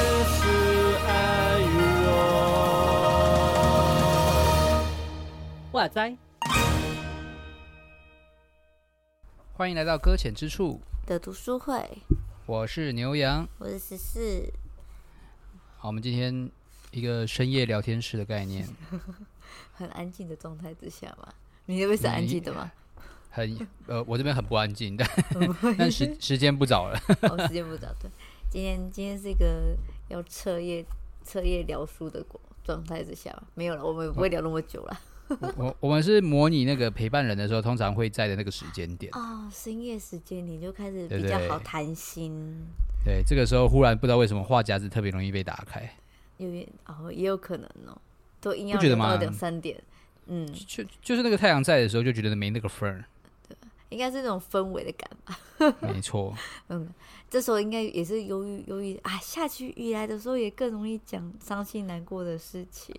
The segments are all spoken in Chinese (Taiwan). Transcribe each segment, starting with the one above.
也是愛我哇塞！歡迎來到擱淺之處的讀書會。我是牛羊，我是十四。好，我們今天一個深夜聊天室的概念。 很安靜的狀態之下嘛，你那邊是安靜的嗎？很，呃，我這邊很不安靜的， 但時時間不早了， 哦、時間不早，對，今天今天是一個要徹夜徹夜聊書的狀狀態之下沒有了，我們不會聊那麼久了、哦。 我我們是模擬那個陪伴人的時候，通常會在的那個時間點哦，深夜時間點就開始比較好談心對對對。對，這個時候忽然不知道為什麼話匣子特別容易被打開，因為哦，也有可能哦。都一樣，點、二點、三點，嗯，就就是那個太陽在的時候就覺得沒那個氛兒，對，應該是那種氛圍的感吧， 沒錯，嗯，這時候應該也是由於由於啊，下起雨來的時候也更容易講傷心難過的事情，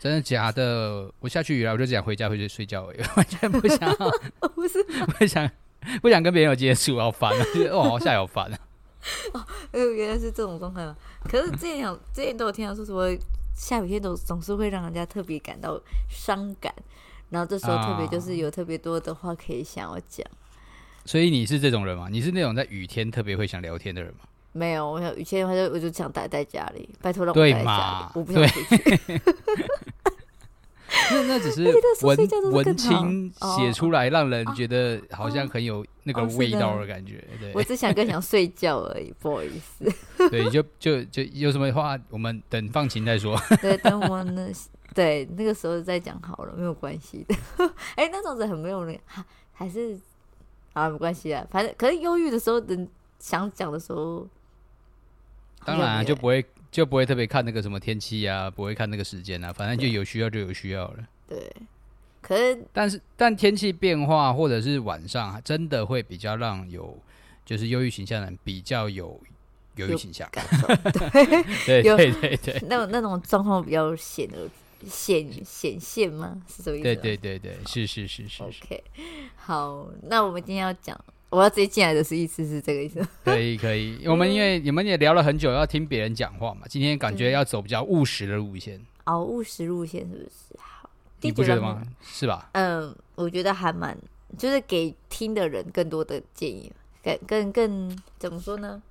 真的假的？我下去雨來我就只想回家回去睡覺而、欸、已，我完全不想 不、啊，不是不想不想跟別人有接觸、啊，好煩啊！哦， 下也好煩啊，哦，原來是這種狀態嗎？ 可是之前想之前都有聽到說什麼。下雨天總總是會讓人家特別感到傷感，然後這時候特別就是有特別多的話可以想要講。啊，所以你是這種人嗎？你是那種在雨天特別會想聊天的人嗎？沒有，我雨天我就我就想待在家裡，拜托了，對嗎？我不想回去。那那只是文是跟文青寫出來，讓人覺得好像很有那個味道的感覺，對。我只想更想睡覺而已，不好意思。對，就就就有什麼話，我們等放晴再說。對，等我那 對那個時候再講好了，沒有關係的。哎、 欸，那種子很沒有哈、啊，還是啊，沒關係啊，反正可能憂鬱的時候，等想講的時候，當然就不會。就不會特別看那個什麼天氣啊，不會看那個時間啊，反正就有需要就有需要了。對，對可是但是但天氣變化或者是晚上，還真的會比較讓有就是憂鬱形象的人比較有憂鬱形象對 對對對對、現現、啊。對對對對，那種那種狀況比較顯得顯顯現嗎？是什麼意思？對對對對，是是是。OK，好，那我們今天要講。我要直接進來的是意思是這個意思， 可以可以，我們因為、嗯、你們也聊了很久，要聽別人講話嘛。今天感覺要走比較務實的路線，哦、嗯，oh, 務實路線是不是？好，你不覺得嗎、嗯，覺得？是吧？嗯，我覺得還蠻，就是給聽的人更多的建議，更更更怎麼說呢？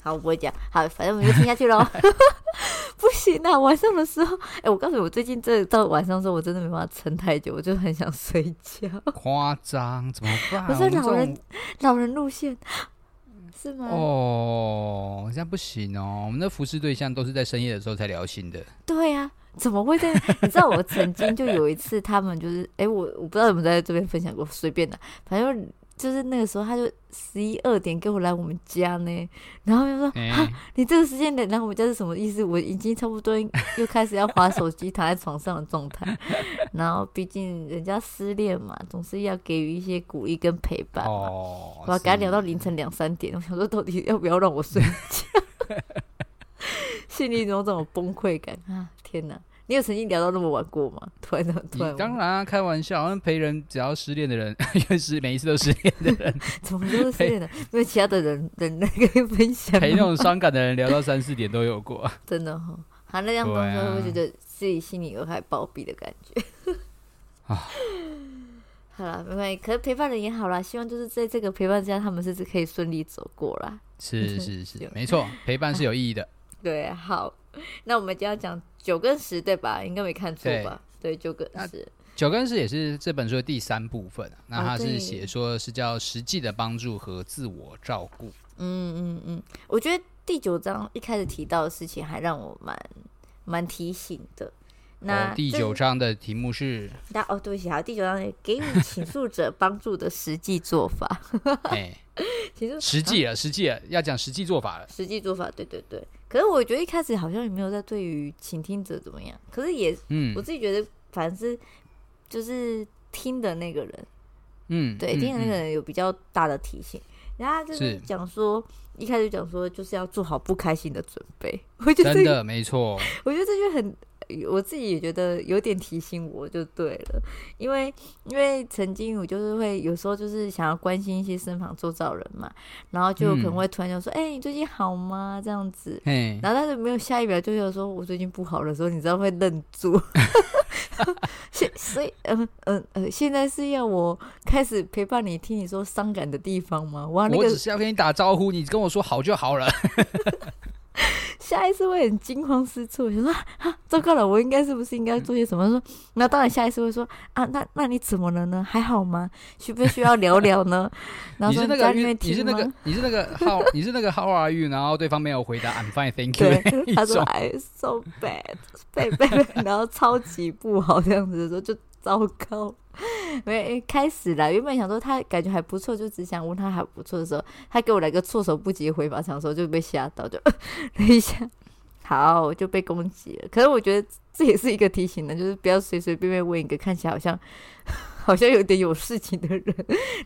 好，我不會講。好，反正我們就聽下去嘍。 不行啊，晚上的時候，哎、欸，我告訴你，我最近這到晚上的時候，我真的沒辦法撐太久，我就很想睡覺。誇張，怎麼辦？不是老人，老人路線是嗎？哦，這樣不行哦。我們的服侍對象都是在深夜的時候才聊心的。對呀、啊，怎麼會這樣？你知道我曾經就有一次，他們就是，哎、 欸，我我不知道怎麼在這邊分享過，隨便的、啊，反正。就是那個時候，他就十一二點給我來我們家呢，然後就說：“哈、嗯啊，你這個時間點來我們家是什麼意思？”我已經差不多又開始要滑手機躺在床上的狀態， 然後畢竟人家失戀嘛，總是要給予一些鼓勵跟陪伴。哦，我要跟他聊到凌晨兩三點，我想說到底要不要讓我睡覺， 心裡有種這種崩潰感啊！天哪、啊！你有曾經聊到那麼晚過嗎？突然那麼突然。當然啊，開玩笑，像陪人，只要失戀的人，又是每一次都失戀的人， 怎麼都是失戀的？因為其他的人的那個分享，陪那種傷感的人聊到三四點都有過， 真的哈，他、啊、那樣做之後會覺得自己心裡有海暴斃的感覺。啊、 好了，沒關係，可是陪伴的人也好啦。希望就是在這個陪伴之下，他們是是可以順利走過啦。是是是， 沒錯，陪伴是有意義的。啊、對、啊，好。 那我們就要講九跟十，對吧？應該沒看錯吧？對，九跟十，九跟十也是這本書的第三部分、嗯、那它是寫說是叫實際的幫助和自我照顧、啊。嗯嗯嗯，我覺得第九章一開始提到的事情還讓我蠻蠻、嗯、提醒的。那、哦、第九章的題目是、就是、那哦，對不起、啊，好，第九章的給你，傾訴者幫助的實際做法。哎、 欸，其實實際啊，實際啊，要講實際做法了。實際做法，對對對。可是我覺得一開始好像也沒有在對於傾聽者怎麼樣。可是也，嗯，我自己覺得，反正，是就是聽的那個人，嗯，對，聽的那個人有比較大的提醒。然、嗯、後、嗯、他就是講說。一開始講說就是要做好不開心的準備，我覺得真的沒錯。我覺得這就很，我自己也覺得有點提醒我就對了，因為因為曾經我就是會有時候就是想要關心一些身旁周遭人嘛，然後就可能會突然就說：“哎、嗯欸，你最近好嗎？”這樣子，然後但是沒有下一秒就有說：“我最近不好的時候”，你知道會愣住。 現，所以，嗯嗯、呃，現在是要我開始陪伴你，聽你說傷感的地方嗎？我、啊那個、我只是要跟你打招呼，你跟我。說好就好了， 下一次會很驚慌失措。就說，啊，這個了，我應該是不是應該做些什麼？說，那當然，下一次會說啊，那那你怎麼了呢？還好嗎？需不需要聊聊呢？ 然後說那個，你是那個，你是、那個、 你是那個 how，你是那個 how are you？然後對方沒有回答 ，I'm fine, thank you。對， 他說 I so bad, bad, bad， 然後超級不好這樣子的時候就。就糟糕，沒、欸、開始了。原本想說他感覺還不錯，就只想問他還不錯的時候，他給我來個措手不及回法，想說就被嚇到，就等一下，好，就被攻擊了。可是我覺得這也是一個提醒呢，就是不要隨隨便便問一個看起來好像好像有點有事情的人，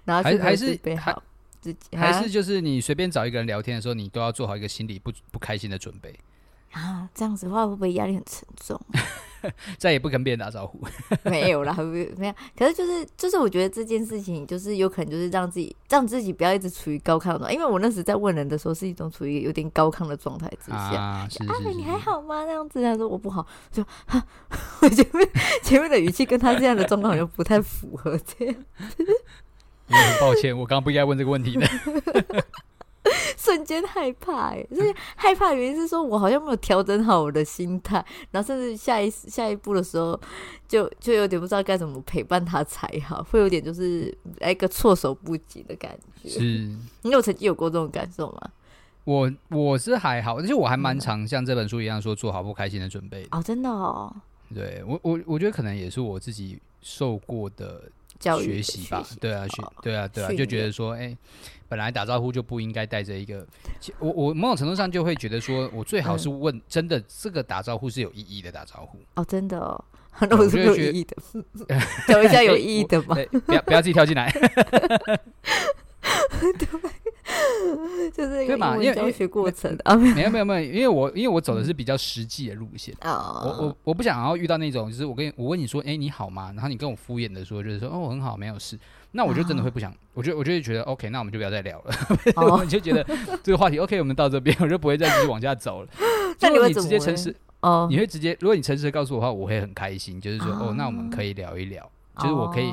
然後就準備好自己，還、還是、還還是就是你隨便找一個人聊天的時候，你都要做好一個心理不不開心的準備啊。這樣子的話，會不會壓力很沉重？ 再也不跟別人打招呼， 沒有啦。沒有。可是就是就是，我覺得這件事情就是有可能就是讓自己讓自己不要一直處於高亢的狀態，因為我那時在問人的時候是一種處於有點高亢的狀態之下。阿、啊、美、啊，你還好嗎？那樣子他說我不好，就哈，我前面前面的語氣跟他這樣的狀況好像不太符合，這樣、 嗯。很抱歉，我剛剛不應該問這個問題的。 瞬間害怕，哎，所以害怕原因是說我好像沒有調整好我的心態，然後甚至下一下一步的時候，就就有點不知道該怎麼陪伴他才好，會有點就是來一個措手不及的感覺。是，你有曾經有過這種感受嗎？我我是還好，而且我還蠻常像這本書一樣說做好不開心的準備的。哦、嗯，oh, 真的哦。對，我我我覺得可能也是我自己受過的。學習吧，對啊、哦，學，對啊，對啊，就覺得說，哎、欸，本來打招呼就不應該帶着一個，我我某種程度上就會覺得說，我最好是問，嗯、真的這個打招呼是有意義的，打招呼、嗯、哦，真的、哦，都、嗯、是沒有意義的，講 一下有意義的吧， 不要不要自己跳進來。 對 就是教對嘛，你有學過程啊，沒有沒有沒有，因為我因為我走的是比較實際的路線，嗯、我我我不想要遇到那種，就是我跟你我問你說，哎、欸，你好嗎？然後你跟我敷衍的說，就是說哦，很好，沒有事。那我就真的會不想，啊、我就我就覺得 OK，那我們就不要再聊了。 哦、 我就覺得這個話題 OK，我們到這邊，我就不會再繼續往下走了。那 你會直接誠實？哦、啊，你會直接，如果你誠實地告訴我的話，我會很開心，就是說哦，那我們可以聊一聊，啊、就是我可以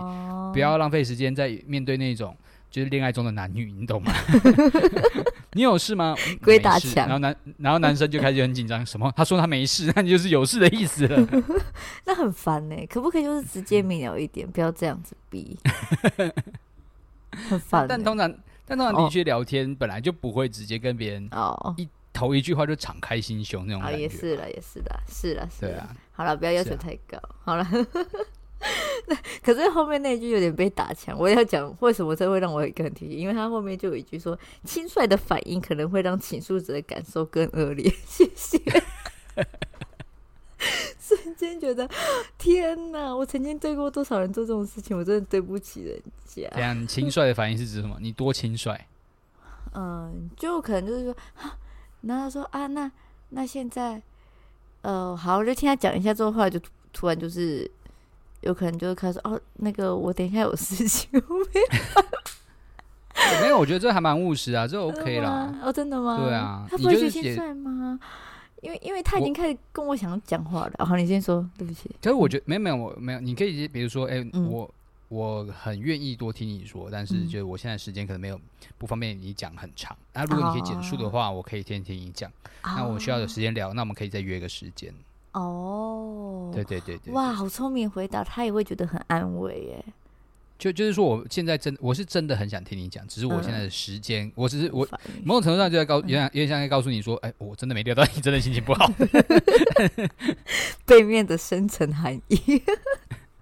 不要浪費時間在面對那種。就是戀愛中的男女，你懂嗎？ 你有事嗎？鬼打牆。 然後男，然後男生就開始就很緊張。 什麼？他說他沒事，那你就是有事的意思了。 那很煩呢、欸。可不可以就是直接明了一點， 不要這樣子逼。 很煩、欸啊。但通常，但通常的確聊天、哦、本來就不會直接跟別人哦，一頭一句話就敞開心胸那種感覺也是了，也是的，是了，是了。好了，不要要求太高。啊、好了。 那 可是後面那一句有點被打槍，我要講為什麼這會讓我很更提醒，因為他後面就有一句說：“輕率的反應可能會讓傾訴者的感受更惡劣。”謝謝。 瞬間覺得天哪！我曾經對過多少人做這種事情，我真的對不起人家。怎樣？輕率的反應是指什麼？你多輕率？ 嗯，就可能就是說，那、啊、他說啊，那那現在，呃，好，我就聽他講一下這話，後來就突然就是。有可能就是開始哦，那個我等一下有事情，我沒辦法、 哦？沒有，我覺得這還蠻務實啊，這 OK 啦。哦，真的嗎？對啊，他不是先帥嗎？因為因為他已經開始跟我想講話了，然後、哦、好、你先說對不起。可是我覺得沒有沒有我沒有，你可以比如說，哎、欸嗯，我我很願意多聽你說，但是就是我現在時間可能沒有不方便你講很長。那、啊、如果你可以簡述的話，哦、我可以天天聽你講。那我需要有時間聊，那我們可以再約一個時間。哦、oh，對，對對對對，哇，好聰明回答，他也會覺得很安慰耶。就就是說，我現在真我是真的很想聽你講，只是我現在的時間，嗯、我只是我某種程度上就在告，有點有點像在告訴你說、嗯，哎，我真的沒料到你真的心情不好， 對面的深層含義。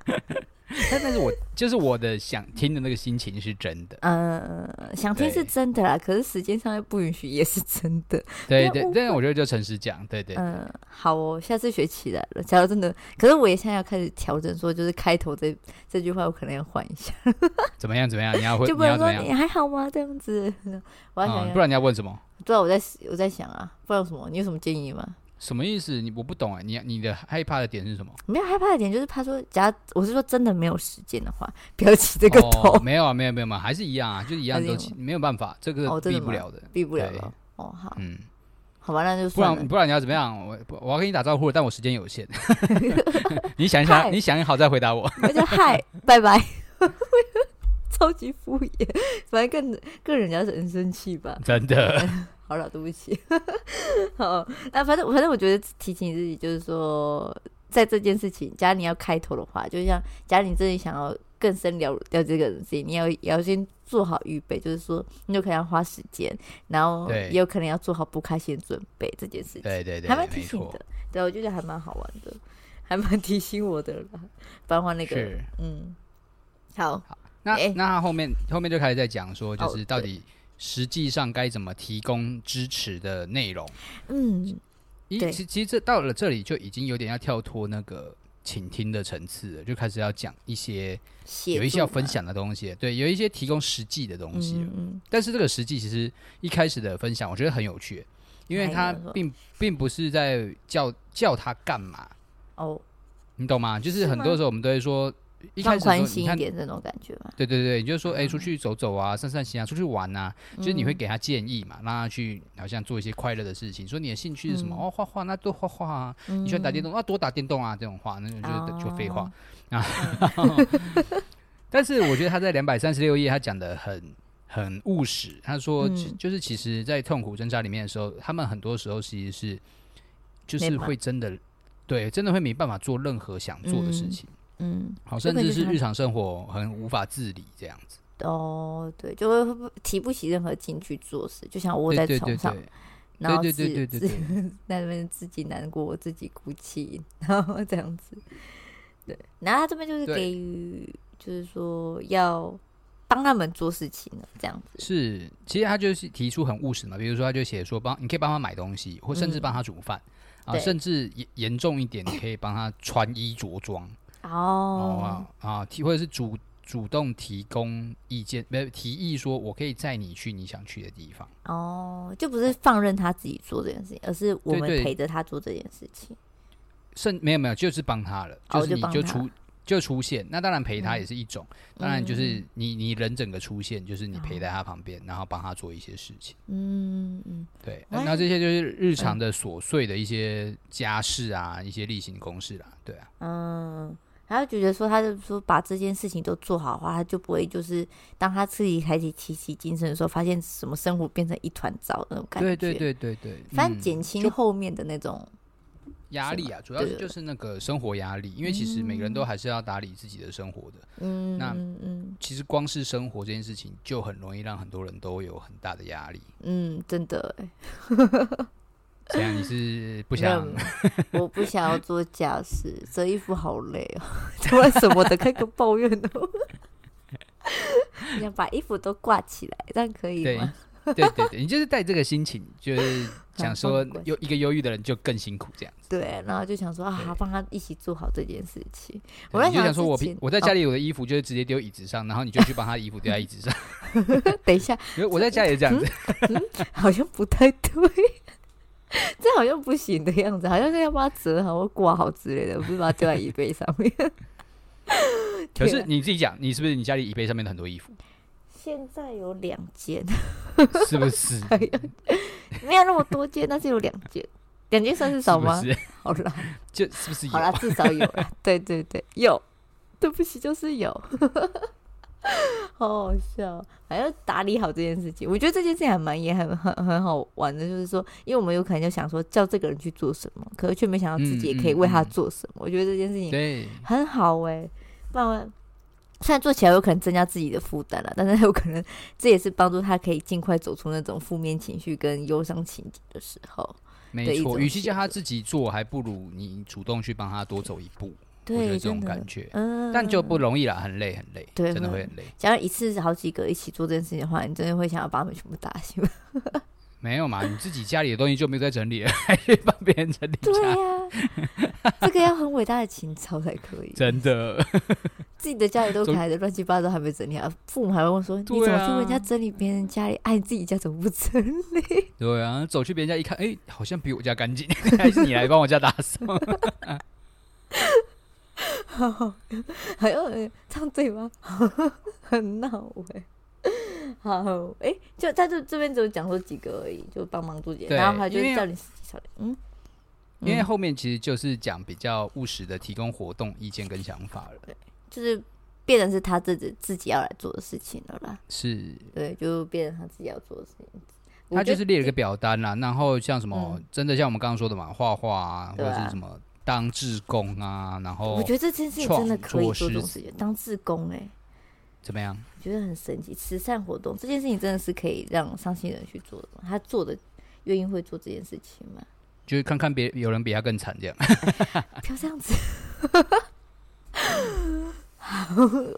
但 但是我，我就是我的想聽的那個心情是真的。嗯、呃，想聽是真的啦，可是時間上又不允許，也是真的。對對，對，但是我覺得就誠實講，對對，對。嗯、呃，好哦，下次學起來了，假如真的，可是我也現在要開始調整說，說就是開頭這這句話我可能要換一下。 怎麼樣？怎麼樣？你要會？就不能說，你還好嗎？這 樣子，我要想。不然你要問什麼？不知道我在我在想啊，不知道什麼？你有什麼建議嗎？什麼意思？你我不懂啊、欸！你你的害怕的點是什麼？沒有害怕的點，就是怕說假，假如我是說真的沒有時間的話，不要起這個頭、哦。沒有啊，沒有沒有嘛，還是一樣啊，就是一樣都起，沒有辦法，這個避不了的，避、哦、不了的。哦，好，嗯，好吧，那就算了。不然不然你要怎麼樣？我我要跟你打招呼，但我時間有限。 你想一想下， 你想好再回答我。那 就嗨，拜拜。 超級敷衍，反正跟跟人家是很生氣吧？真的。 好了，對不起。好、 哦，那反正，反正我覺得提醒自己，就是說，在這件事情，假如你要開頭的話，就像假如你真的想要更深了了解這個人自己，你要也要先做好預備，就是說，你有可能要花時間，然後也有可能要做好不開心的準備這件事情。對對對，對，還蠻提醒的。對，我覺得還蠻好玩的，還蠻提醒我的。不然的話那個，嗯，好。好，那、欸、那後面後面就開始在講說，就是到底、哦。實際上該怎麼提供支持的內容？嗯，因其實其實這到了這裡就已經有點要跳脫那個傾聽的層次了，就開始要講一些，有一些要分享的東西，對，有一些提供實際的東西。嗯，但是這個實際其實一開始的分享，我覺得很有趣，因為他並並不是在叫叫他幹嘛哦，你懂嗎？就是很多時候我們都會說。一開始寬心一點，那種感覺嘛。對對對，你就是說哎、欸，出去走走啊，散散心啊，出去玩啊。就是你會給他建議嘛，讓他去好像做一些快樂的事情。說你的興趣是什麼？嗯、哦，畫畫，那多畫畫啊、嗯。你喜歡打電動啊，多打電動啊。這種話，那種就就廢話啊。話啊嗯、 但是我覺得他在兩百三十六頁，他講的很很務實。他說，就是其實，在痛苦掙扎裡面的時候，他們很多時候其實是就是會真的對，真的會沒辦法做任何想做的事情。嗯嗯，好，甚至是日常生活很無法自理這樣子。嗯嗯、哦，對，就會提不起任何勁去做事，就想窩在床上，對對對對，然後在那邊自己難過、自己哭泣，然後這樣子。對，然後他這邊就是給予，就是說要幫他們做事情這樣子。是，其實他就是提出很務實嘛，比如說他就寫說幫，幫你可以幫他買東西，或甚至幫他煮飯，嗯、啊，甚至嚴嚴重一點，你可以幫他穿衣着裝。 哦啊啊提或者是主主動提供意見，沒有提議說，我可以載你去你想去的地方。哦、oh，就不是放任他自己做這件事情，而是我們陪着他做這件事情。是，沒有沒有，就是幫他了。Oh, 就是你就就出就就出現。那當然陪他也是一種，嗯、當然就是你你人整個出現，就是你陪在他旁邊，oh. 然後幫他做一些事情。嗯嗯，對。那這些就是日常的瑣碎的一些家事啊，嗯、一些例行公事啦、啊。對啊，嗯。他就覺得說，他就說，把這件事情都做好的話，他就不會就是當他自己開始提起精神的時候，發現什麼生活變成一團糟的那種感覺。對對對對對，反正減輕後面的那種壓力啊，主要是就是那個生活壓力，因為其實每個人都還是要打理自己的生活的。嗯，那嗯，其實光是生活這件事情就很容易讓很多人都有很大的壓力。嗯，真的欸。 這樣你是不想、嗯？ 我不想要做家事， 這衣服好累哦，怎麼什麼的 開個抱怨呢、哦？ 你要把衣服都掛起來，這樣可以嗎？對對，對對， 你就是帶這個心情，就是想說憂、啊、一個憂鬱的人就更辛苦這樣子。對，然後就想說啊，幫他一起做好這件事情。我想就想說我，我、哦、平我在家裡有的衣服就是直接丟椅子上，然後你就去幫他的衣服丟在椅子上。 等一下，因為我在家也這樣子、嗯嗯，好像不太對。 這好像不行的樣子，好像是要把它折好或掛好之類的，不是把它丟在椅背上面。 可是你自己講，你是不是你家裡椅背上面很多衣服？現在有兩件， 是不是？哎呀，沒有那麼多件，但是有兩件，兩 件算是少嗎？是是好了，就是不是有？好了，至少有啦。 對對對，有，對不起，就是有。 好好笑，還要打理好這件事情。我覺得這件事情還蠻也很很很好玩的，就是說，因為我們有可能就想說叫這個人去做什麼，可是卻沒想到自己也可以為他做什麼。嗯嗯、我覺得這件事情對很好哎、欸，不然雖然做起來有可能增加自己的負擔了，但是有可能這也是幫助他可以盡快走出那種負面情緒跟憂傷情節的時候的的。沒錯，與其叫他自己做，還不如你主動去幫他多走一步。對，我有這種感覺的的、嗯，但就不容易啦，很累很累對，真的會很累。假如一次好幾個一起做這件事情的話，你真的會想要把他們全部打醒。沒有嘛，你自己家裡的東西就沒在整理了， 還可以幫別人整理？對呀、啊， 這個要很偉大的情操才可以。真的， 自己的家裡都開的亂七八糟，還沒整理、啊，父母還會問說、啊：“你怎麼去人家整理別人家裡？愛、啊、自己家怎麼不整理？”對啊，走去別人家一看，哎，好像比我家乾淨，還 是你來幫我家打掃？ 好 裡，好像張嘴巴，很鬧味、欸。好，哎、欸，就他就這這邊只有講說幾個而已，就幫忙助解，然後他就叫你小林，嗯，因為後面其實就是講比較務實的，提供活動意見跟想法了。對，就是變成是他自己自己要來做的事情了啦。是，對，就變成他自己要做的事情。他就是列了一個表單啦、欸，然後像什麼，嗯、真的像我們剛剛說的嘛，畫畫啊，或者是什麼。當志工啊，然後我覺得這件事情真的可以做這種事情。當志工哎、欸，怎麼樣？我覺得很神奇，慈善活動這件事情真的是可以讓傷心人去做的嗎。他做的願意會做這件事情嗎？就看看別有人比他更慘這樣，就 這樣子。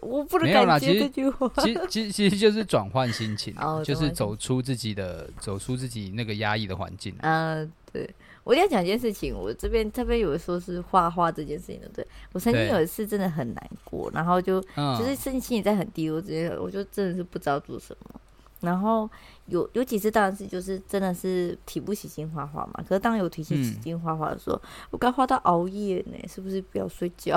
我不能沒有啦，其實 其實其實就是轉換心情，oh, 就是走出自己的 走出自己那個壓抑的環境。啊、uh,，對。我一定要講一件事情，我這邊特別有的時候是畫畫這件事情的，對，我曾經有一次真的很難過，然後就、嗯、就是身心也在很低落之間，我就真的是不知道做什麼。然後有有幾次當然是就是真的是提不起勁畫畫嘛，可是當有提起起勁畫畫的時候，嗯、我剛畫到熬夜呢，是不是不要睡覺？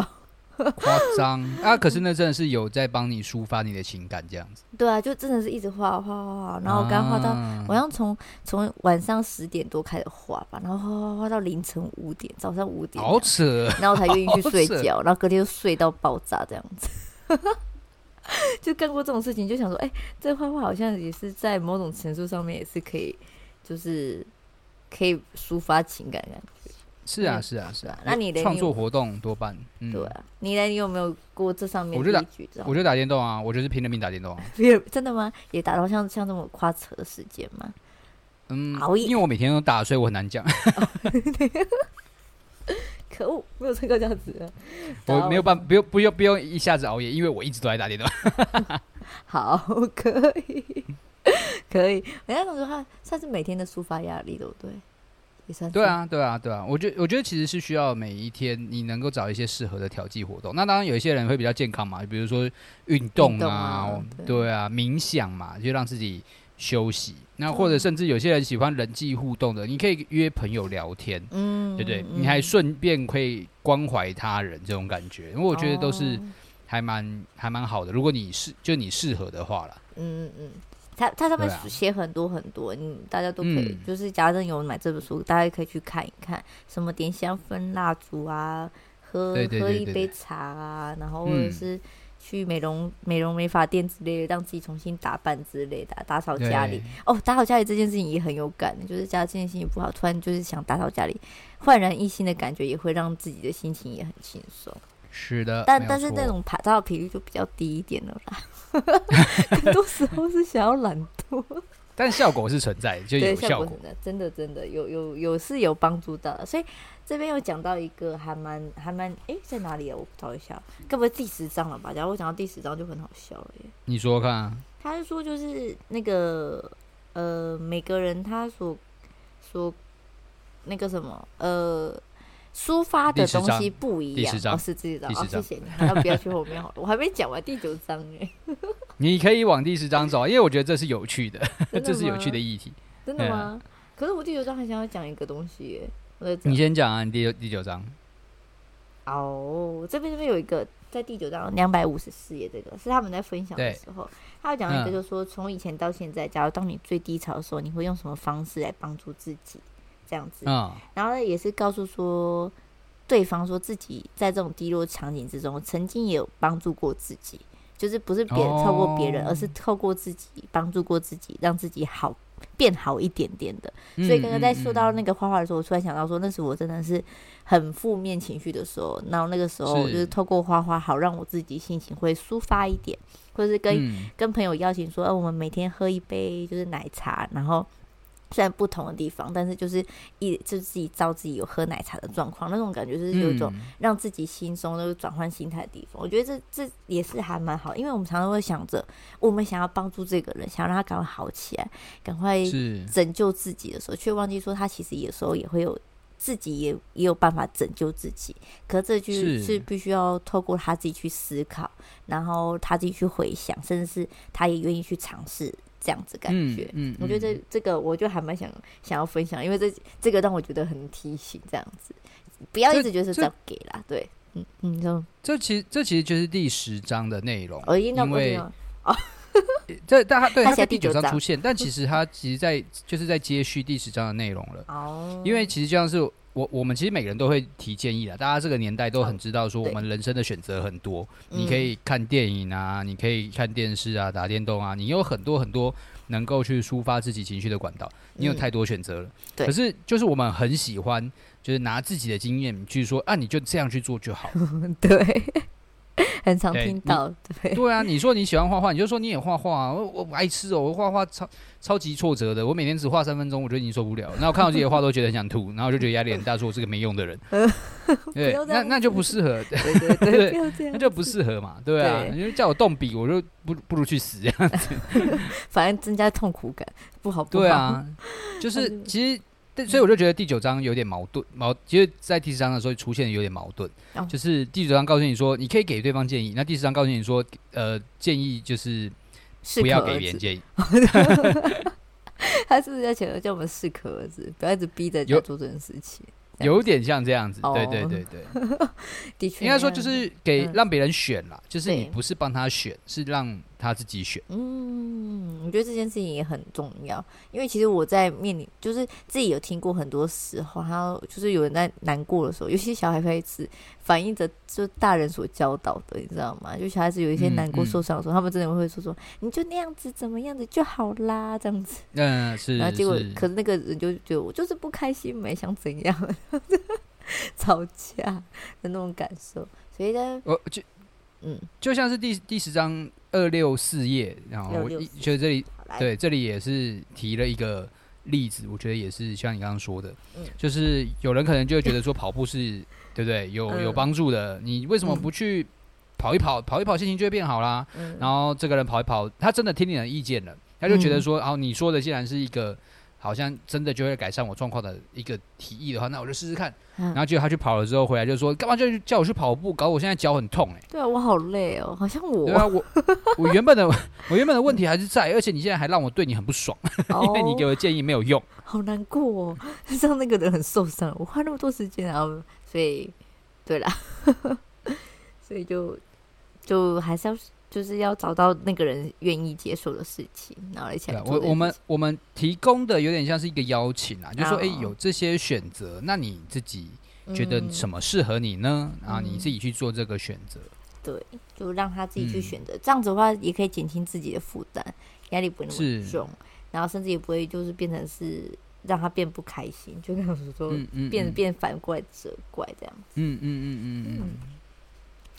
誇 張啊！可是那真的是有在幫你抒發你的情感，這樣子。對啊，就真的是一直畫畫畫畫，然後我剛畫到，啊、我好像從從晚上十點多開始畫吧，然後畫畫畫到凌晨五點，早上五點，好扯，然後才願意去睡覺，然後隔天又睡到爆炸這樣子。 就幹過這種事情，就想說，哎、欸，這畫畫好像也是在某種程度上面也是可以，就是可以抒發情感感覺。是啊、嗯、是啊是啊,是啊，那你的創作活動多半、嗯、對啊。你呢？你有沒有過這上面？我就打，我就打電動啊。我就是拼了命打電動啊。嗯、真的嗎？也打到像像這麼誇扯的時間嗎？嗯熬夜，因為我每天都打，所以我很難講。哦、 可惡，沒有吹到這樣子。我沒有辦法 不，不用不用,不用,不,用不用一下子熬夜，因為我一直都在打電動。 好，可以 可以。人家那種的話，算是每天的抒發壓力都對。對啊，對啊，對啊，我覺我覺得其實是需要每一天你能夠找一些適合的調劑活動。那當然有一些人會比較健康嘛，比如說運動啊，運動啊對，對啊，冥想嘛，就讓自己休息。那或者甚至有些人喜歡人際互動的，你可以約朋友聊天，嗯，對不對？嗯嗯、你還順便可以關懷他人，這種感覺，因為我覺得都是還蠻、哦、還蠻好的。如果你是就你適合的話了，嗯嗯嗯。它上面寫很多很多，嗯、啊，大家都可以，嗯、就是假設有買這本書，大家可以去看一看，什麼點香氛蠟燭啊，喝對對對對，喝一杯茶啊，然後或者是去美容對對對對，美容美髮店之類的，讓自己重新打扮之類的，打掃家裡哦，打掃家裡這件事情也很有感的，就是假設心情不好，突然就是想打掃家裡，煥然一新的感覺，也會讓自己的心情也很輕鬆。是的，但但是那種拍照的頻率就比較低一點了啦。 很多時候是想要懶惰， 但效果是存在的，就有效果的，真的真的有有有是有幫助到的。所以這邊有講到一個還蠻還蠻哎、欸、在哪裡啊？我找一下，該不會第十章了吧？假如我講到第十章就很好笑了耶。你說看、啊，他是說就是那個呃，每個人他所說那個什麼呃。抒發的東西不一樣。第十章，謝謝你。還要不要去後面好， 我還沒講完第九章哎、欸。 你可以往第十章走，因為我覺得這是有趣的，的這是有趣的議題。真的嗎？嗯、可是我第九章還想要講一個東西哎、欸。你先講啊，你第九第九章。哦，這邊這邊有一個在第九章兩百五十四頁，這個是他們在分享的時候，他要講一個，就是說從、嗯、以前到現在，假如當你最低潮的時候，你會用什麼方式來幫助自己？這樣子，oh. 然後也是告訴說對方說自己在這種低落場景之中，曾經也有幫助過自己，就是不是別人,人，透過別人，而是透過自己幫助過自己，讓自己好變好一點點的。嗯、所以剛剛在說到那個畫畫的時候，嗯、我突然想到說、嗯，那時候我真的是很負面情緒的時候，然後那個時候就是透過畫畫好讓我自己心情會抒發一點，或者是跟、嗯、跟朋友邀請說，哎、呃，我們每天喝一杯就是奶茶，然後。雖然不同的地方，但是就是一就自己照自己有喝奶茶的狀況，那種感覺就是有一種讓自己輕鬆、的轉換心態的地方。嗯，我覺得這這也是還蠻好，因為我們常常會想着，我們想要幫助這個人，想讓他趕快好起來，趕快拯救自己的時候，卻忘記說他其實有時候也會有自己也也有辦法拯救自己，可這就是是必須要透過他自己去思考，然後他自己去回想，甚至是他也願意去嘗試。這樣子感覺，嗯，嗯，嗯我覺得這這個，我就還蠻想想要分享，因為這這個讓我覺得很提醒，這樣子，不要一直就是這樣給啦這，對，嗯嗯。這其實這其實就是第十章的內容，oh, you know, 因為啊，oh. 這但他對他在 第九章出現，但其實他其實在 就是在接續第十章的內容了，哦、oh.，因為其實就像是。我我們其實每個人都會提建議的，大家這個年代都很知道，說我們人生的選擇很多，你可以看電影啊、嗯，你可以看電視啊，打電動啊，你有很多很多能夠去抒發自己情緒的管道，你有太多選擇了。嗯、對，可是就是我們很喜歡，就是拿自己的經驗去說，啊，你就這樣去做就好。 對。很常聽到，欸、對對啊！你說你喜歡畫畫，你就說你也畫畫、啊。我我愛吃哦，我畫畫超超級挫折的。我每天只畫三分鐘，我就已經受不了、了。 然後看到自己的畫都覺得很想吐， 然後我就覺得壓力很大，說我是個沒用的人。呃、對，那那就不適合，對對對、對、 對，那就不適合嘛，對啊。你就叫我動筆，我就不不如去死這樣子， 反正增加痛苦感不好、不好。對啊，就是、 就是、其實。對，所以我就覺得第九章有點矛盾，矛、嗯，其實在第十章的時候出現有點矛盾，哦、就是第九章告訴你說你可以給對方建議，那第十章告訴你說，呃，建議就是不要給別人建議。 他是不是在前要我叫我們適可而止，不要一直逼着要做這種事情有？有點像這樣子，哦、對對對對， 的確，應該說就是給讓別人選了、嗯，就是你不是幫他選，是讓。他自己選，嗯，我覺得這件事情也很重要，因為其實我在面臨，就是自己有聽過很多時候，還有就是有人在難過的時候，有些小孩會反映着，就大人所教導的，你知道嗎？就小孩子有一些難過受傷的時候、嗯嗯，他們真的會說說，你就那樣子，怎麼樣子就好啦，這樣子，嗯，是，然後結果，是可是那個人就覺得我就是不開心，沒想怎樣 吵架的那種感受，所以呢，我、哦、就。嗯，就像是第第十章二六四頁，然後我，六六我覺得這裡對這裡也是提了一個例子，我覺得也是像你剛剛說的、嗯，就是有人可能就會覺得說跑步是、嗯、對不對，對有有幫助的，你為什麼不去跑一跑、嗯、跑一跑，跑一跑心情就會變好啦、嗯。然後這個人跑一跑，他真的聽你的意見了，他就覺得說，哦、嗯，你說的既然是一個。好像真的就會改善我狀況的一個提議的話，那我就試試看。然後結果他去跑了之後回來就說：“幹、嗯、嘛就叫我去跑步？搞得我現在腳很痛哎、欸！”對、啊，我好累哦、喔，好像我。對啊，我 我原本的我原本的問題還是在，而且你現在還讓我對你很不爽，嗯、 因為你給我的建議沒有用，哦、好難過、喔，讓那個人很受傷。我花那麼多時間啊，所以對啦， 所以就就還是要。就是要找到那個人願意接受的事情，然後一起來。我我們我們提供的有點像是一個邀請啊，oh. 就說哎、欸，有這些選擇，那你自己覺得什麼適合你呢？啊、嗯，你自己去做這個選擇。對，就讓他自己去選擇、嗯。這樣子的話，也可以減輕自己的負擔，壓力不那麼重，然後甚至也不會就是變成是讓他變不開心，就那種說變、嗯嗯嗯、變、變反過來責怪這樣子。嗯嗯嗯嗯嗯，嗯，嗯。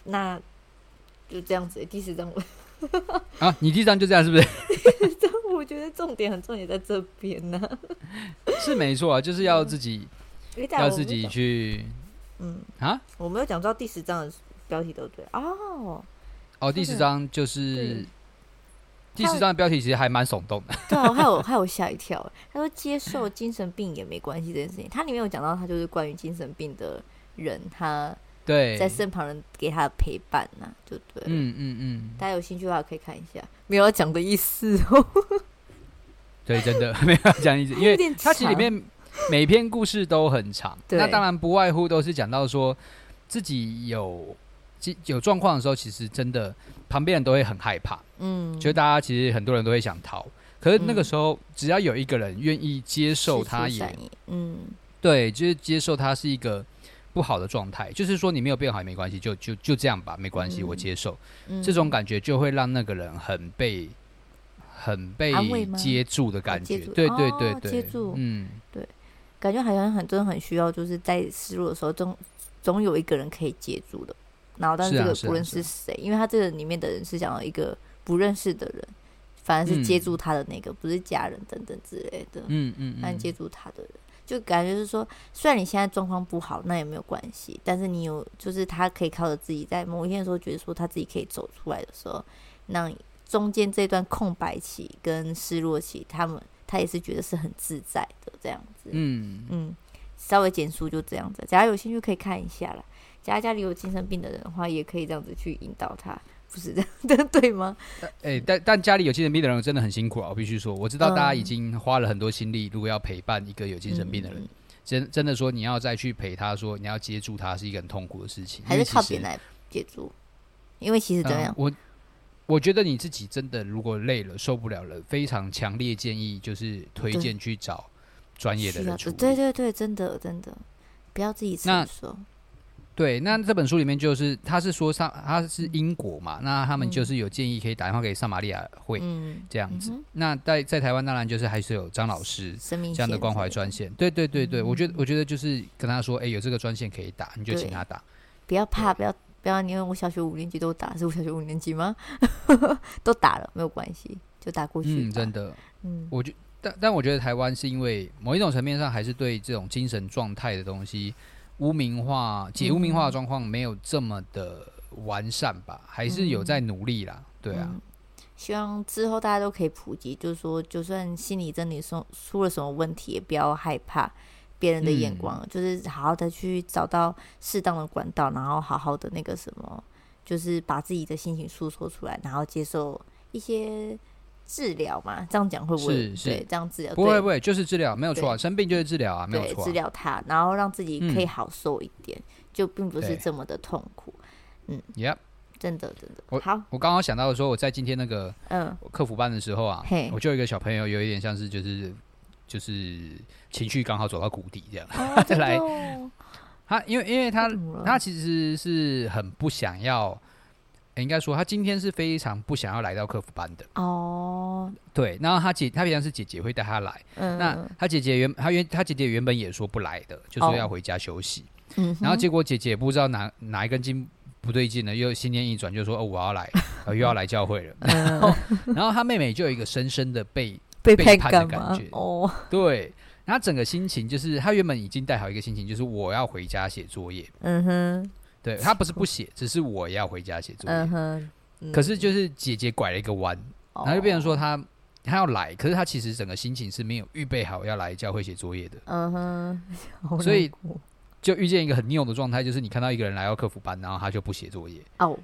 那。就這樣子、欸，第十章我 啊，你第一章就這樣是不是？ 我覺得重點很重點在這邊呢，是沒錯啊，就是要自己、嗯、要自己去，嗯啊，我沒有講到第十章的標題都對哦哦，哦第十章就是第十章的標題其實還蠻聳動的， 對啊，還有還有嚇一跳，他說接受精神病也沒關係這件事情，他裡面有講到他就是關於精神病的人他。對，在身旁人給他的陪伴吶、啊，就對不對？嗯嗯嗯，大家有興趣的話可以看一下，沒有要講的意思哦。 對，真的沒有要講意思，因為它其實裡面每篇故事都很長。對，那當然不外乎都是講到說自己有有狀況的時候，其實真的旁邊人都會很害怕。嗯，就大家其實很多人都會想逃，可是那個時候、嗯、只要有一個人願意接受他也，也嗯，對，就是接受他是一個。不好的狀態，就是說你沒有變好也沒關係，就就就這樣吧，沒關係、嗯，我接受、嗯。這種感覺就會讓那個人很被很被接住的感覺、啊對對對對啊，對對對，接住，嗯，對，感覺好像很真的很需要，就是在失落的時候總總有一個人可以接住的。然後，但是這個是、啊是啊是啊、不論是誰，因為他這個裡面的人是講一個不認識的人，反而是接住他的那個、嗯，不是家人等等之類的，嗯嗯，嗯，但接住他的人。就感覺就是說，雖然你現在狀況不好，那也沒有關係。但是你有，就是他可以靠着自己，在某些時候覺得說他自己可以走出來的時候，那中間這段空白期跟失落期，他們他也是覺得是很自在的這樣子。嗯嗯，稍微簡述就這樣子，假如有興趣可以看一下啦。假如家裡有精神病的人的話，也可以這樣子去引導他。不是的，對嗎？哎、欸，但但家裡有精神病的人真的很辛苦啊！我必須說，我知道大家已經花了很多心力。嗯、如果要陪伴一個有精神病的人，嗯嗯、真真的說，你要再去陪他說，你要接住他，是一個很痛苦的事情。還是靠別人來接住？因為其實怎樣？嗯、我我覺得你自己真的如果累了、受不了了，非常強烈建議就是推薦去找專業的人對。對對對，真的真的，不要自己自己說。對，那這本書裡面就是，他是說上，他是英國嘛、嗯，那他們就是有建議，可以打電話給撒馬利亞會這樣子。嗯嗯、那在在台灣當然就是還是有張老師這樣的關懷專線。對對對對，我覺得我覺得就是跟他說，哎、欸，有這個專線可以打，你就請他打。不要怕，不要不要，你因為我小學五年級都打，是我小學五年級嗎？ 都打了沒有關係，就打過去。嗯，真的，嗯，我覺但但我覺得台灣是因為某一種層面上還是對這種精神狀態的東西。污名化，解污名化的狀況沒有這麼的完善吧，嗯、還是有在努力啦。嗯、對啊、嗯，希望之後大家都可以普及，就是說，就算心裡真的說出了什麼問題，也不要害怕別人的眼光、嗯，就是好好的去找到適當的管道，然後好好的那個什麼，就是把自己的心情訴說出來，然後接受一些治療嘛，這樣講會不會？是是對，這樣治療不會不會，就是治療，沒有錯、啊，生病就是治療啊，沒有錯、啊，治療他，然後讓自己可以好受一點、嗯，就並不是這麼的痛苦。對嗯，耶，真的真的。我好，我剛剛想到的時候，我在今天那個嗯客服班的時候啊，嗯、我就有一個小朋友，有一點像是就是、嗯、就是情緒剛好走到谷底這樣、啊，再 來、哦、他因為因為他他其實是很不想要。應該說，他今天是非常不想要來到課輔班的。哦，對，然後他姐，他平常是姐姐會帶他來。嗯，那他姐姐原他原他姐姐原本也說不來的，就說、是、要回家休息。嗯、oh. mm，-hmm. 然後結果姐姐也不知道哪哪一根筋不對勁了，又心念一轉，就說哦，我要來，又要來教會了。 然後， 然後他妹妹就有一個深深的被背叛的感覺。哦，oh. 對，然後整個心情就是，他原本已經帶好一個心情，就是我要回家寫作業。嗯哼。對，他不是不寫，只是我要回家寫作業。可是就是姐姐拐了一個彎，然後就變成說他他要來，可是他其實整個心情是沒有預備好要來教會寫作業的。所以就遇見一個很拗的狀態，就是你看到一個人來到客服班，然後他就不寫作業。哦，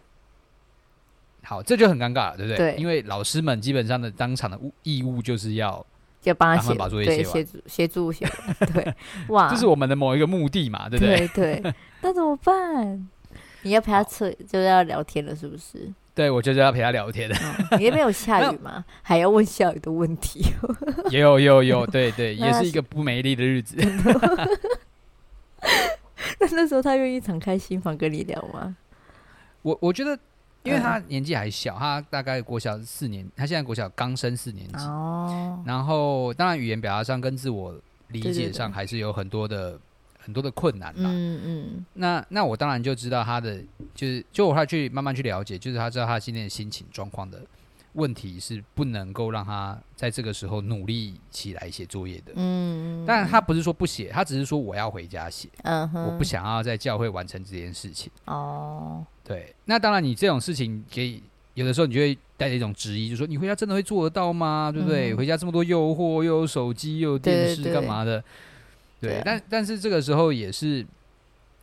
好，這就很尷尬了，對不對？對，因為老師們基本上的當場的義務就是要。就幫他寫，對，協助協助一下。 對，哇，這是我們的某一個目的嘛， 對不對，對？對 那怎麼辦？你要陪他吃，就是要聊天了，是不是？對，我就是要陪他聊天了。哦，你那邊有下雨嗎還？還要問下雨的問題？ 有有有，有，對對， 也是一個不美麗的日子。 那那時候他願意敞開心房跟你聊嗎？我我覺得。因為他年紀還小，他大概國小四年，他現在國小剛升四年級。哦，然後當然語言表達上跟自我理解上還是有很多的對對對，很多的困難嘛。嗯嗯，那那我當然就知道他的，就是就我會去慢慢去了解，就是他知道他今天的心情狀況的。問題是不能夠讓他在這個時候努力起來寫作業的。嗯，但他不是說不寫，他只是說，我要回家寫，嗯。我不想要在教會完成這件事情。哦，對，那當然，你這種事情，給有的時候，你就會帶着一種質疑就是，就說你回家真的會做得到嗎？嗯，對不對？回家這麼多誘惑，又有手機，又有電視，幹嘛的？對，對，對，對，但但是這個時候也是。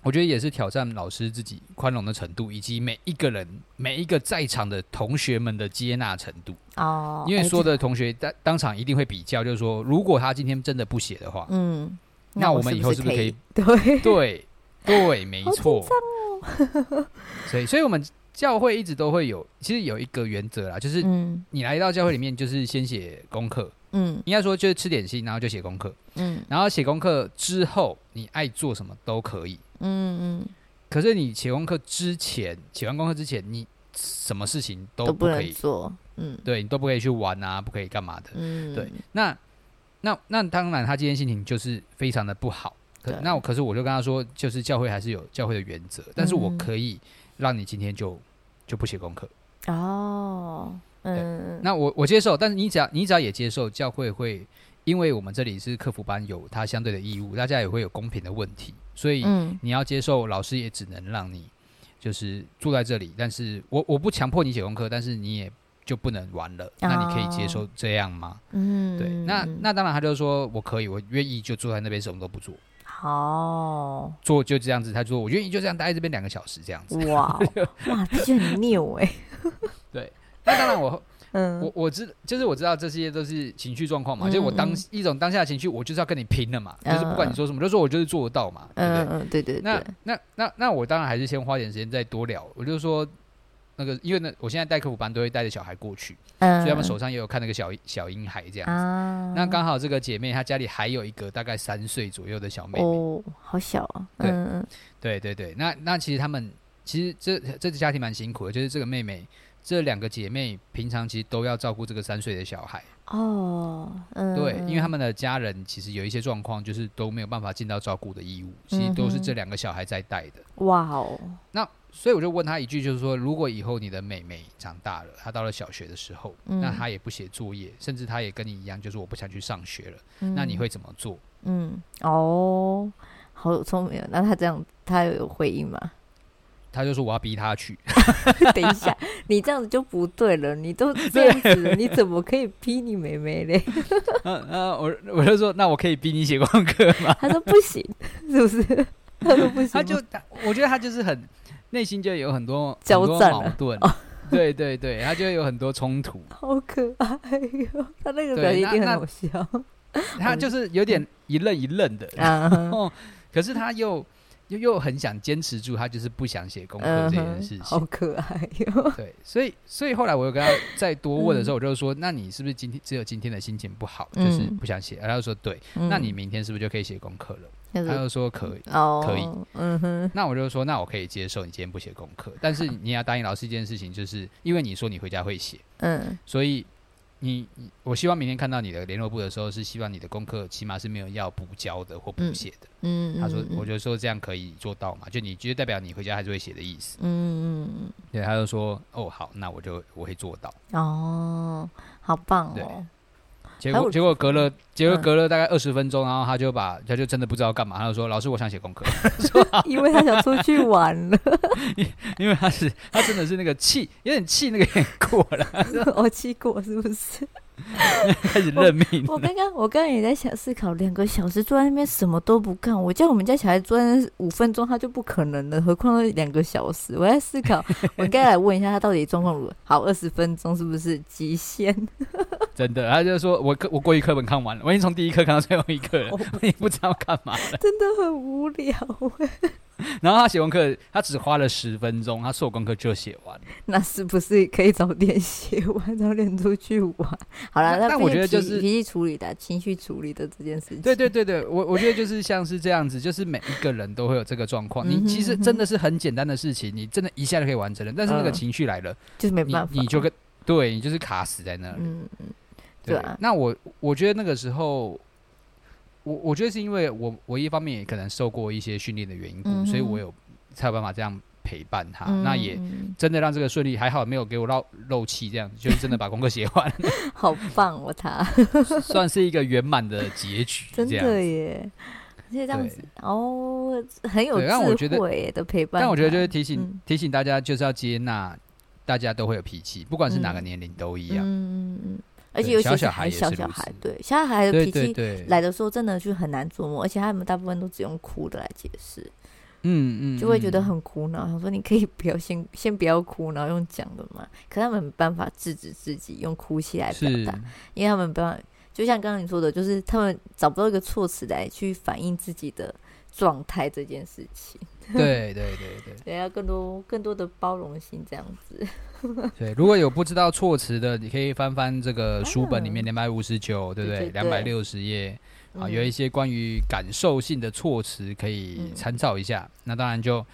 我覺得也是挑戰老師自己寬容的程度，以及每一個人每一個在場的同學們的接納程度哦。Oh, 因為說的同學當當場一定會比較，就是說，如果他今天真的不寫的話，嗯，那我們以後是不是可以對對對，對對 沒錯。哦、 所以，所以我們教會一直都會有，其實有一個原則啦，就是，你來到教會裡面，就是先寫功課，嗯，應該說就是吃點心，然後就寫功課，嗯，然後寫功課之後，你愛做什麼都可以。嗯嗯，可是你寫功課之前，寫完功課之前，你什麼事情都不可以做，嗯，對，你都不可以去玩啊，不可以幹嘛的，嗯，對，那那那當然，他今天心情就是非常的不好。可那，我可是我就跟他說，就是教會還是有教會的原則，但是我可以讓你今天就就不寫功課哦。嗯，對那我我接受，但是你只要你只要也接受，教會會因為我們這裡是課輔班，有他相對的義務，大家也會有公平的問題。所以，你要接受，嗯、老師也只能讓你就是住在這裡。但是我我不強迫你寫功課，但是你也就不能玩了哦。那你可以接受這樣嗎？嗯，對。那那當然，他就說我可以，我願意就住在那邊，什麼都不做。好，做就這樣子。他說我願意就這樣待在這邊兩個小時這樣子。哇哇，這很牛哎，欸。 對，那當然我。嗯、我我知就是我知道這些都是情緒狀況嘛、嗯，就是我當一種當下的情緒，我就是要跟你拼了嘛、嗯，就是不管你說什麼，就說我就是做得到嘛，嗯，嗯對，對對，對，對，那那那那我當然還是先花點時間再多聊。我就是說那個，因為呢，我現在帶客服班都會帶着小孩過去、嗯，所以他們手上也有看那個小小嬰孩這樣子。啊、那剛好這個姐妹她家裡還有一個大概三歲左右的小妹妹，哦，好小啊。嗯對，對對對，那那其實他們其實這這個家庭蠻辛苦的，就是這個妹妹。這兩個姐妹平常其實都要照顧這個三歲的小孩哦，嗯，對，因為他們的家人其實有一些狀況，就是都沒有辦法盡到照顧的義務、嗯，其實都是這兩個小孩在帶的。哇哦，那所以我就問他一句，就是說，如果以後你的妹妹長大了，她到了小學的時候，嗯、那她也不寫作業，甚至她也跟你一樣，就是我不想去上學了，嗯、那你會怎麼做？嗯，哦，好聰明啊！那他這樣，他有回應嗎？他就說：“我要逼他去。 ”等一下，你這樣子就不對了。你都這樣子，你怎麼可以逼你妹妹呢、 啊啊？我我就說，那我可以逼你寫功課嗎？他說不行，是不是？他說不行。他就，他我覺得他就是很內 心就有很多交戰，很多矛盾、哦。對對對，他就有很多衝突。 好可愛喲、哦，他那個表情一定很好笑。 他就是有點一愣一愣的，嗯、 可是他又。又又很想堅持住他，他就是不想寫功課這件事情，嗯、好可愛喲、喔。對，所以所以後來我有跟他再多問的時候， 嗯、我就說：“那你是不是今天只有今天的心情不好，就是不想寫？”嗯、他就說：“對。嗯”那你明天是不是就可以寫功課了、嗯？他就說：“可以，嗯、可以。”嗯哼。那我就說：“那我可以接受你今天不寫功課、嗯，但是你要答應老師一件事情，就是因為你說你回家會寫，嗯，所以。”你，我希望明天看到你的聯絡簿的時候，是希望你的功課起碼是沒有要補交的或補寫的。嗯，嗯，嗯他說，我就說，這樣可以做到嘛？就你覺得代表你回家還是會寫的意思。嗯嗯嗯，對，他就說，哦，好，那我就我會做到。哦，好棒哦。對結果結果隔了、嗯，結果隔了大概二十分鐘，然後他就把他就真的不知道幹嘛，他就說：“老師，我想寫功課。” 說因為他想出去玩了， 因為他是他真的是那個氣 有點氣那個人過了，我 哦、氣過是不是？ 開始認命我。我剛剛我剛剛也在想思考，兩個小時坐在那邊什麼都不幹，我叫我們家小孩坐在那五分鐘他就不可能了，何況是兩個小時？我在思考，我應該來問一下他到底狀況如何？好，二十分鐘是不是極限？ 真的，他就是說我課。我國語課本看完了，我已經從第一課看到最後一課了，oh. 我也不知道幹嘛了。 真的很無聊哎。然後他寫完課，他只花了十分鐘，他數學功課就寫完了。那是不是可以早點寫完，早點出去玩？好啦，那我覺得就是脾氣處理的情緒處理的這件事情。對對對對，我我覺得就是像是這樣子，就是每一個人都會有這個狀況。 你其實真的是很簡單的事情，你真的一下就可以完成了。但是那個情緒來了、嗯，就是沒辦法，你，你就跟對你就是卡死在那裡。嗯嗯。對,對、啊，那我我覺得那個時候，我我覺得是因為我我一方面也可能受過一些訓練的原因、嗯，所以我有才有辦法這樣陪伴他。嗯、那也真的讓這個順利，還好沒有給我漏漏氣，這樣子就是、真的把功課寫完， 好棒、哦！我他 算是一個圓滿的結局，真的耶！而這樣子哦，很有智慧的陪伴。但我覺得就是提醒、嗯、提醒大家，就是要接納大家都會有脾氣，不管是哪個年齡、嗯、都一樣。嗯。而且尤其是小孩，小小孩，對小小孩、對小孩的脾氣來的時候，真的就很難琢磨。而且他們大部分都只用哭的來解釋，嗯嗯，就會覺得很苦惱。他、嗯、說，你可以不要先先不要哭，然後用講的嘛。可他們沒辦法制止自己用哭泣來表達，因為他們不要就像剛剛你說的，就是他們找不到一個措辭來去反映自己的狀態這件事情。 對對對對，對要更多更多的包容性這樣子。對，如果有不知道措辭的，你可以翻翻這個書本裡面兩百五十九，對不對？兩百六十頁、嗯、啊，有一些關於感受性的措辭可以參照一下、嗯。那當然就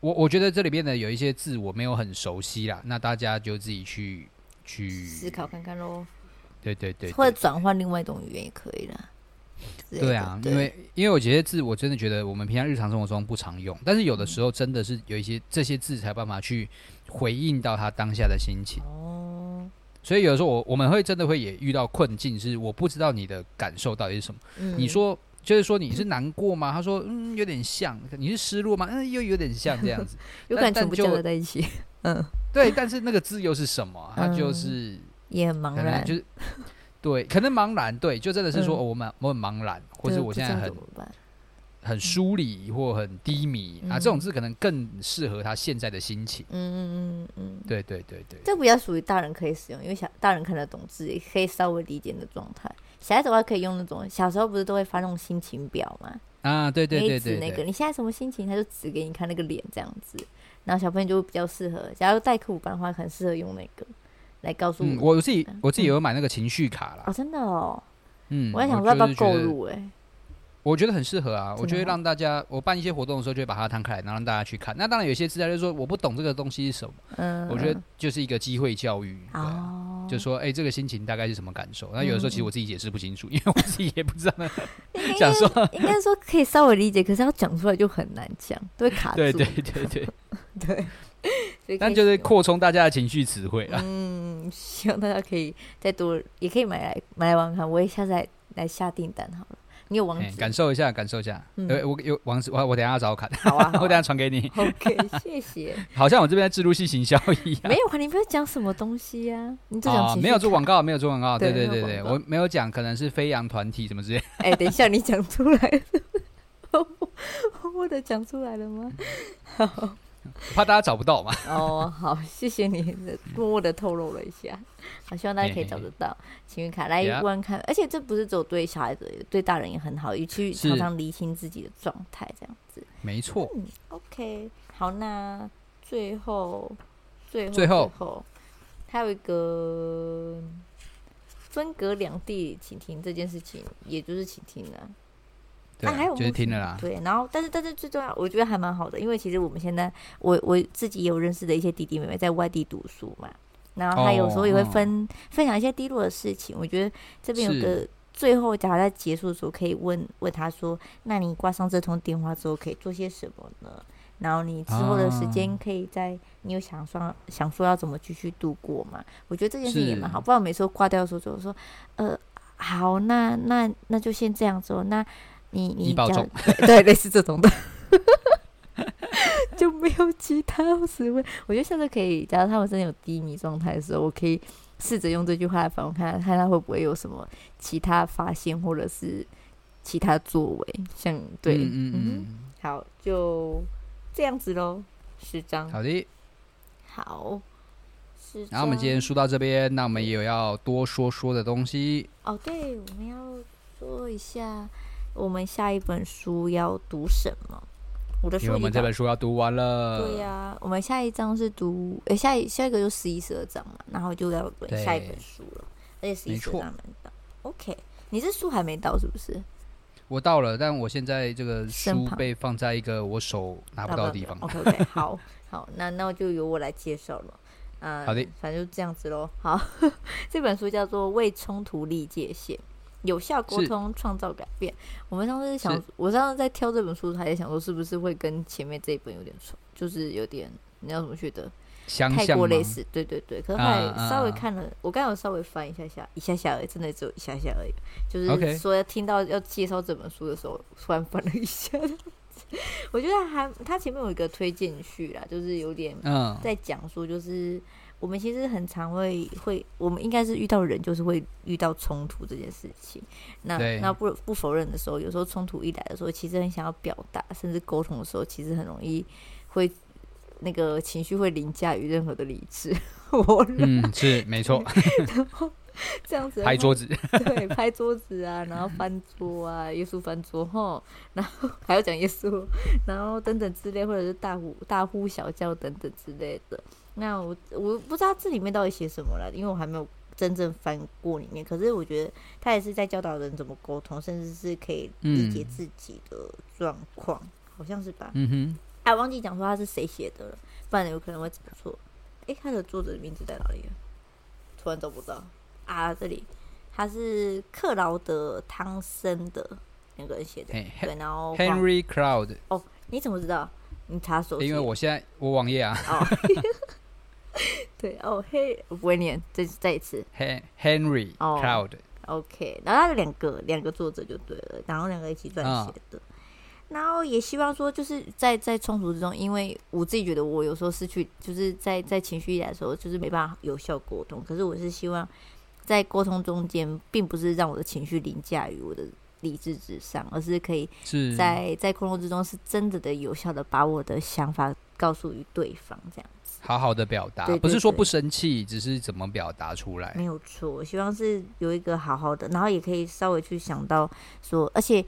我我覺得這裡邊呢有一些字我沒有很熟悉啦，那大家就自己去去思考看看嘍。對對對，對，對對對，或者轉換另外一種語言也可以啦。對啊對對，因為因為有些字，我真的覺得我們平常日常生活中不常用，嗯、但是有的時候真的是有一些這些字才有辦法去回應到他當下的心情哦。所以有的時候我我們會真的會也遇到困境，是我不知道你的感受到底是什麼。嗯、你說就是說你是難過嗎？嗯、他說嗯，有點像。你是失落嗎？嗯，又有點像這樣子。呵呵但有但但就不在一起，嗯，對，但是那個字又是什麼？嗯、他就是也很茫然，就是。對，可能茫然，對，就真的是說，嗯哦、我們，我很茫然，或者我現在很、嗯、很疏離、嗯、或很低迷啊、嗯，這種字可能更適合他現在的心情。嗯嗯嗯嗯，對對對對，這比較屬於大人可以使用，因為小大人看得懂，自己可以稍微理解的狀態。小孩子的話可以用那種小時候不是都會發那種心情表嘛？啊，對對對對，那個對對對對你現在什麼心情？他就指給你看那個臉這樣子，然後小朋友就比較適合。假如代課五班的話，很適合用那個。來告訴我、嗯，我自己我自己有買那個情緒卡啦、嗯、哦，真的哦，嗯，我在想說要不要購入哎、欸，我覺，我覺得很適合啊，我覺得讓大家我辦一些活動的時候，就會把它攤開來，然後讓大家去看。那當然有些資料就是說，我不懂這個東西是什麼，嗯，我覺得就是一個機會教育、嗯啊、哦，就說哎、欸、這個心情大概是什麼感受。那有的時候其實我自己也解釋不清楚、嗯，因為我自己也不知道。 你想說，應該說可以稍微理解， 可是要講出來就很難講，對，卡對對對對對。 對以以但就是擴充大家的情緒詞彙啦。嗯，希望大家可以再多，也可以買來買來玩看。我也下載來,來下訂單好了。你有網、欸、感受一下，感受一下。對、嗯，我有網址。我我等一下要找我看。好啊，好啊 我等一下傳給你。OK，謝謝。 好像我這邊置入性行銷一樣。沒有啊，你不要講什麼東西啊？你這講、哦、沒有做廣告，沒有做廣告對。對對對對，我沒有講，可能是飛揚團體什麼之類的。哎、欸，等一下，你講出來了 我。我的講出來了嗎？好。怕大家找不到嘛？哦，好，謝謝你默默的透露了一下，好，希望大家可以找得到。嘿嘿嘿，情緒卡來觀、啊、看，而且這不是只有對小孩子，對大人也很好，尤其常常釐清自己的狀態這樣子。沒錯。嗯，OK，好，那最後，最後，最後，最後還有一個分隔兩地，請聽這件事情，也就是請聽的、啊。那還有，就是、聽了啦。對，然後，但是，但是最重要，我覺得還蠻好的，因為其實我們現在，我我自己有認識的一些弟弟妹妹在外地讀書嘛，然後他有時候也會分、哦哦、分享一些低落的事情。我覺得這邊有個最後，假如在結束的時候，可以問問他說：“那你掛上這通電話之後，可以做些什麼呢？然後你之後的時間，可以在、啊、你有想說想說要怎麼繼續度過嘛？”我覺得這件事也蠻好，不然我每次掛掉的時候，我說：“呃，好，那那那就先這樣子哦。”那你你講 對，類似這種的， 就沒有其他詞彙。我覺得下次可以，假如他們真的有低迷狀態的時候，我可以試着用這句話來反問看，看看他會不會有什麼其他發現，或者是其他作為。像對嗯嗯嗯，嗯好就這樣子嘍，十章。好的，好，然後我們今天輸到這邊，那我們也有要多說說的東西。哦，對，我們要做一下。我們下一本書要讀什麼？我的書，因為我們這本書要讀完了。對呀、啊，我們下一章是讀，哎，下一下一個就十一十二章嘛，然後就要讀下一本書了，而且十一十二章還沒到。OK，你這書還沒到是不是？我到了，但我現在這個書被放在一個我手拿不到的地方。 okay, OK，好好，那那我就由我來介紹了。嗯、呃，好的，反正就這樣子嘍。好呵呵，這本書叫做《為衝突立界線》。有效溝通創造改變。我們當時想，我上次在挑這本書，還在想說是不是會跟前面這一本有點重，就是有點，你要怎麼覺得？太過類似？對對對。可是後來稍微看了，啊啊我剛才有稍微翻一下下，一下下而已，真的只有一下下而已。就是說，聽到要介紹這本書的時候，突然翻了一下了。 我覺得還，它前面有一個推薦序啦，就是有點在講述，就是。嗯我們其實很常會會，我們應該是遇到人就是會遇到衝突這件事情。那對那不不否認的時候，有時候衝突一來的時候，其實很想要表達，甚至溝通的時候，其實很容易會那個情緒會凌駕於任何的理智。嗯，是，沒錯。然後這樣子拍桌子，對，拍桌子啊，然後翻桌啊， 耶穌翻桌吼、哦，然後還要講耶穌，然後等等之類，或者是大呼大呼小叫等等之類的。那我我不知道這裡面到底寫什麼了，因為我還沒有真正翻過裡面。可是我覺得他也是在教導人怎麼溝通，甚至是可以理解自己的狀況，嗯，好像是吧？嗯哼，哎、啊，忘記講說他是誰寫的了，不然有可能會講錯。哎、欸，他的作者的名字在哪裡？啊，突然找不到啊！這裡他是克勞德湯森的那個人寫的，對，然後 Henry Cloud。哦，你怎麼知道？你查手機？因為我現在我網頁啊。哦 對哦，嘿、hey，我不會念，再再一次，Henry Cloud，OK，然後他的兩個兩個作者就對了，然後兩個一起撰寫的，oh. 然後也希望說，就是在在衝突之中，因為我自己覺得我有時候失去，就是在在情緒來的時候，就是沒辦法有效溝通，可是我是希望在溝通中間，並不是讓我的情緒凌駕於我的理智之上，而是可以在在溝通之中，是真的的有效的把我的想法告訴於對方，這樣。好好的表達，不是說不生氣，只是怎麼表達出來。沒有錯，我希望是有一個好好的，然後也可以稍微去想到說，而且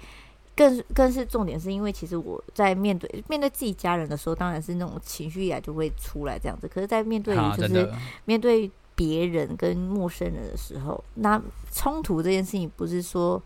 更更是重點，是因為其實我在面對面對自己家人的時候，當然是那種情緒也就會出來這樣子。可是，在面對就是、啊、面對別人跟陌生人的時候，那衝突這件事情不是說。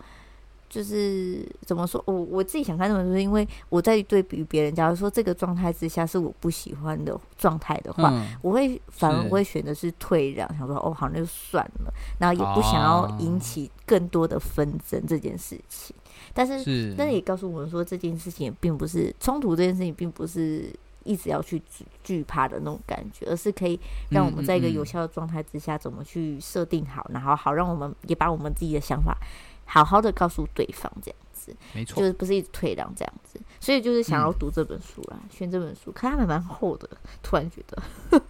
就是怎麼說，我我自己想看這本書，就是、因為我在對比別人，假如說這個狀態之下是我不喜歡的狀態的話、嗯，我會反而我會選擇是退讓，想說哦，好，那就算了，然後也不想要引起更多的紛爭這件事情。哦、但是，那也告訴我們說，這件事情也並不是衝突，這件事情並不是一直要去懼怕的那種感覺，而是可以讓我們在一個有效的狀態之下，怎麼去設定好嗯嗯嗯，然後好讓我們也把我們自己的想法。好好的告訴對方這樣子，沒錯。就是不是一直退讓這樣子，所以就是想要讀這本書啦、啊嗯，選這本書，看他們蠻厚的，突然覺得呵呵。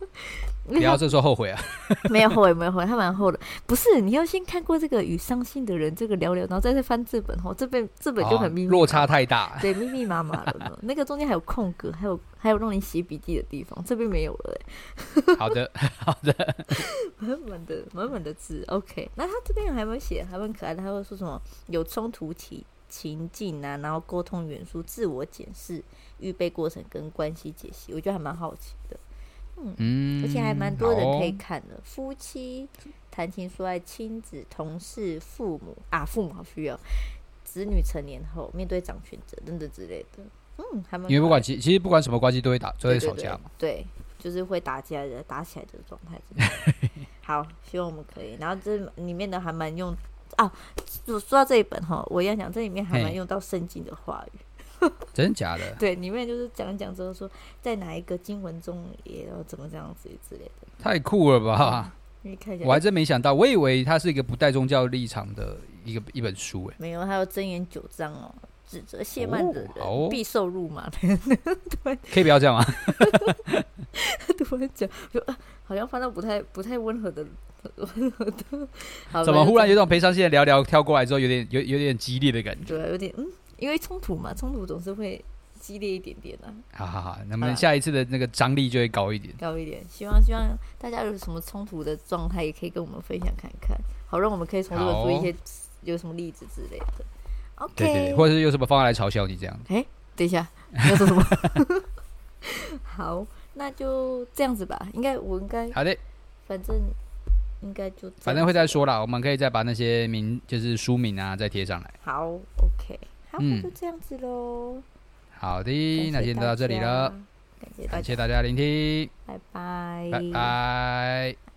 你要這說後悔啊？沒有後悔，沒有後悔，他蠻厚的。 不是，你要先看過這個與傷心的人這個聊聊，然後再再翻這本後這邊這本就很密，哦，落差太大。對，密密麻麻的， 那個中間還有空格，還有還有讓你寫筆記的地方，這邊沒有了，欸。 好的，好的，滿 滿的滿滿的字。OK，那他這邊還沒有寫？還蠻可愛的，他會說什麼有衝突情情境啊，然後溝通元素、自我檢視、預備過程跟關係解析，我覺得還蠻好奇的。嗯，而且還蠻多人可以看的，哦、夫妻談情說愛，親子同事父母啊，父母好需要，子女成年後面對掌權者，等等之類的，嗯，還蠻，因為不管其其實不管什麼關係都會打，都會吵架嘛，嘛。對，就是會打架的，打起來的狀態。 好，希望我們可以，然後這裡面的還蠻用啊，說到這一本哈，我要講這裡面還蠻用到聖經的話語。 真假的？對，裡面就是講講之後說，在哪一個經文中也要怎麼這樣子之類的。太酷了吧！看 我還真沒想到，我以為它是一個不帶宗教立場的一個一本書哎。沒有，它有箴言九章哦，指責褻慢的人、哦哦、必受辱嘛。 可以不要這樣嗎？讀完講，好像放到不太不太溫和的溫和的。和的怎麼、就是、忽然有種陪傷心的人聊聊,聊跳過來之後，有點有有點激烈的感覺，對、啊，有點嗯。因為衝突嘛，衝突總是會激烈一點點的、啊。好好好，那麼下一次的那個張力就會高一點，啊、高一點。希望希望大家有什麼衝突的狀態，也可以跟我們分享看看，好讓我們可以從這個出一些、哦、有什麼例子之類的。OK，對，對，對，或者是有什麼方法來嘲笑你這樣？哎、欸，等一下要什麼？ 好，那就這樣子吧。應該我應該好的，反正應該就反正會再說啦。我們可以再把那些名就是書名啊再貼上來。好，OK。好、嗯，就這樣子嘍。好的，那今天就到這裡了感，感謝大家聆聽，拜拜，拜拜、拜拜。